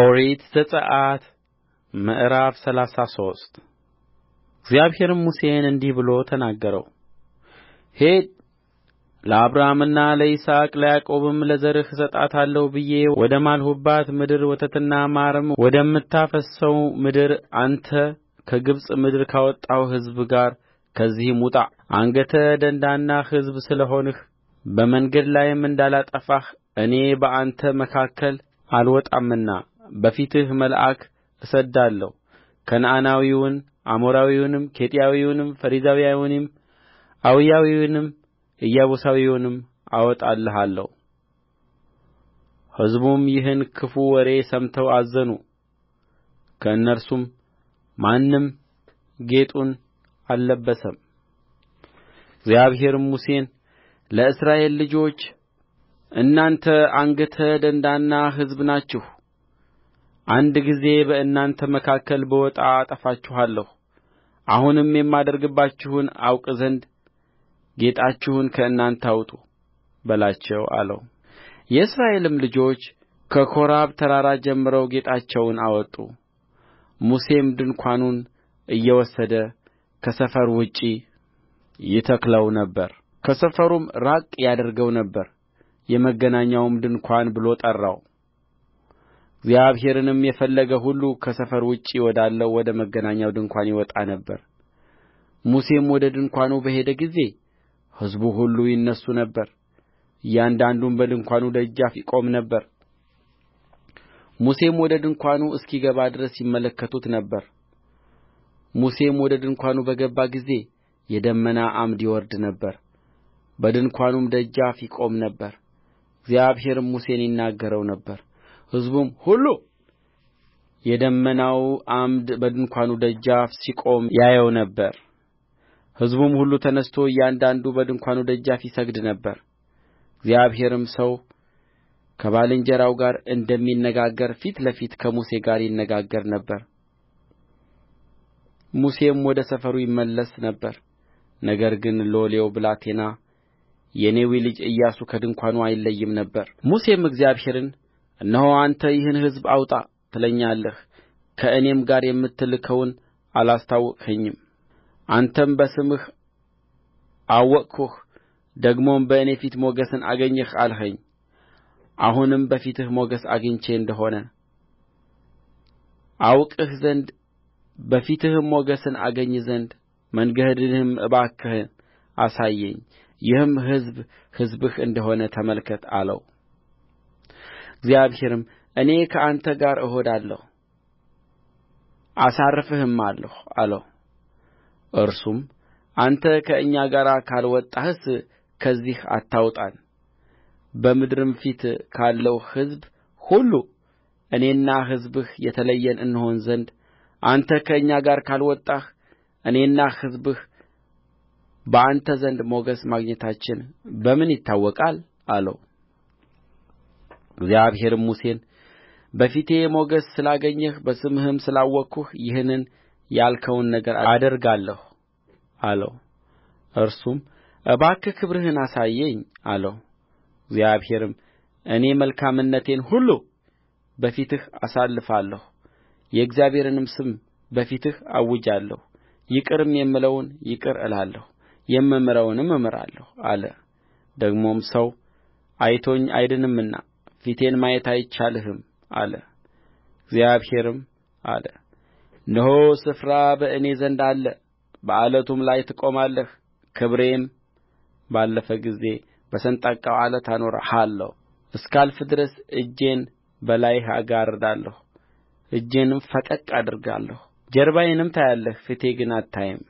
ኦሪት ዘጽአት ምዕራፍ ሰላሳ ሶስት እግዚአብሔርም ሙሴን እንዲህ ብሎ ተናገረው። ሂድ ለአብርሃምና ለይስሐቅ ለያዕቆብም ለዘርህ እሰጣታለሁ ብዬ ወደ ማልሁባት ምድር ወተትና ማርም ወደምታፈስሰው ምድር አንተ ከግብፅ ምድር ካወጣው ሕዝብ ጋር ከዚህም ውጣ። አንገተ ደንዳና ሕዝብ ስለ ሆንህ በመንገድ ላይም እንዳላጠፋህ እኔ በአንተ መካከል አልወጣምና በፊትህ መልአክ እሰድዳለሁ ከነዓናዊውን አሞራዊውንም ኬጢያዊውንም ፌርዛዊውንም ኤዊያዊውንም ኢያቡሳዊውንም አወጣልሃለሁ ሕዝቡም ይህን ክፉ ወሬ ሰምተው አዘኑ ከእነርሱም ማንም ጌጡን አልለበሰም እግዚአብሔርም ሙሴን ለእስራኤል ልጆች እናንተ አንገተ ደንዳና ሕዝብ ናችሁ አንድ ጊዜ በእናንተ መካከል ብወጣ አጠፋችኋለሁ አሁንም የማደርግባችሁን አውቅ ዘንድ ጌጣችሁን ከእናንተ አውጡ በላቸው አለው የእስራኤልም ልጆች ከኮሬብ ተራራ ጀምረው ጌጣቸውን አወጡ ሙሴም ድንኳኑን እየወሰደ ከሰፈር ውጭ ይተክለው ነበር ከሰፈሩም ራቅ ያደርገው ነበር የመገናኛውም ድንኳን ብሎ ጠራው እግዚአብሔርንም የፈለገ ሁሉ ከሰፈር ውጭ ወዳለው ወደ መገናኛው ድንኳን ይወጣ ነበር ሙሴም ወደ ድንኳኑ በሄደ ጊዜ ሕዝቡ ሁሉ ይነሡ ነበር እያንዳንዱም በድንኳኑ ደጃፍ ይቆም ነበር ሙሴም ወደ ድንኳኑ እስኪገባ ድረስ ይመለከቱት ነበር ሙሴም ወደ ድንኳኑ በገባ ጊዜ የደመና ዓምድ ይወርድ ነበር በድንኳኑም ደጃፍ ይቆም ነበር እግዚአብሔርም ሙሴን ይናገረው ነበር ሕዝቡም ሁሉ የደመናው ዓምድ በድንኳኑ ደጃፍ ሲቆም ያየው ነበር ሕዝቡም ሁሉ ተነሥቶ እያንዳንዱ በድንኳኑ ደጃፍ ይሰግድ ነበር እግዚአብሔርም ሰው ከባልንጀራው ጋር እንደሚነጋገር ፊት ለፊት ከሙሴ ጋር ይነጋገር ነበር ሙሴም ወደ ሰፈሩ ይመለስ ነበር ነገር ግን ሎሌው ብላቴና የነዌ ልጅ ኢያሱ ከድንኳኑ አይለይም ነበር ሙሴም እግዚአብሔርን እነሆ አንተ ይህን ሕዝብ አውጣ ትለኛለህ ከእኔም ጋር የምትልከውን አላስታወቅኸኝም አንተም በስምህ አወቅሁህ ደግሞም በእኔ ፊት ሞገስን አገኘህ አልኸኝ አሁንም በፊትህ ሞገስ አግኝቼ እንደ ሆነ አውቅህ ዘንድ በፊትህም ሞገስን አገኝ ዘንድ መንገድህንም እባክህ አሳየኝ ይህም ሕዝብ ሕዝብህ እንደ ሆነ ተመልከት አለው እግዚአብሔርም እኔ ከአንተ ጋር እሄዳለሁ አሳርፍህማለሁ አለው እርሱም አንተ ከእኛ ጋር ካልወጣህስ ከዚህ አታውጣን በምድርም ፊት ካለው ሕዝብ ሁሉ እኔና ሕዝብህ የተለየን እንሆን ዘንድ አንተ ከእኛ ጋር ካልወጣህ እኔና ሕዝብህ በአንተ ዘንድ ሞገስ ማግኘታችን በምን ይታወቃል አለው እግዚአብሔርም ሙሴን በፊቴ ሞገስ ስላገኘህ በስምህም ስላወቅሁህ ይህን ያልኸውን ነገር አደርጋለሁ አለው እርሱም እባክህ ክብርህን አሳየኝ አለው እግዚአብሔርም እኔ መልካምነቴን ሁሉ በፊትህ አሳልፋለሁ የእግዚአብሔርንም ስም በፊትህ አውጃለሁ ይቅርም የምለውን ይቅር እላለሁ የምምረውንም እምራለሁ አለ ደግሞም ሰው አይቶኝ አይድንምና ፊቴን ማየት አይቻልህም አለ እግዚአብሔርም አለ እነሆ ስፍራ በእኔ ዘንድ አለ በዓለቱም ላይ ትቆማለህ ክብሬም ባለፈ ጊዜ በሰንጣቃው ዓለት አኖርሃለሁ እስካልፍ ድረስ እጄን በላይህ አጋርዳለሁ እጄንም ፈቀቅ አድርጋለሁ ጀርባዬንም ታያለህ ፊቴ ግን አታይም